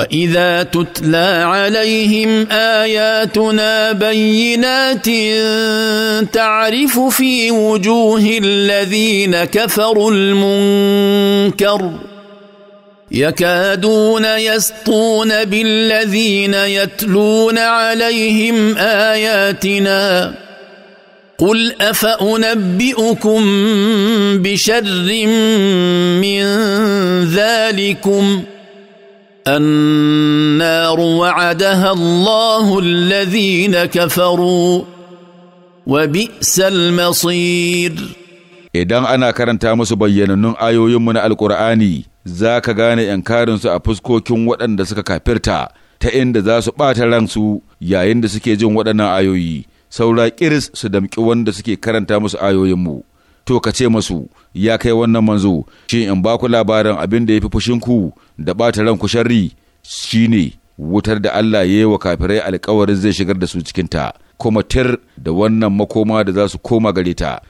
واذا تتلى عليهم اياتنا بينات تعرف في وجوه الذين كفروا المنكر يكادون يسطون بالذين يتلون عليهم اياتنا قل افانبئكم بشر من ذلكم ۖ النار وعدها الله الذين كفروا وبئس المصير idan ana karanta musu bayyanannun ayoyinmu na alkur'ani za ka gane su a fuskokin waɗanda suka kafirta ta inda za su ɓata ransu yayin da suke jin waɗannan ayoyi saura ƙiris su damƙi wanda suke karanta musu ayoyinmu to ka ce masu ya kai wannan manzo shin in ba ku labarin abin da ya fi fushinku da ɓata ran sharri ne wutar da Allah ya yi wa kafirai alkawarin zai shigar da su cikinta kuma tir da wannan makoma da za su koma gare ta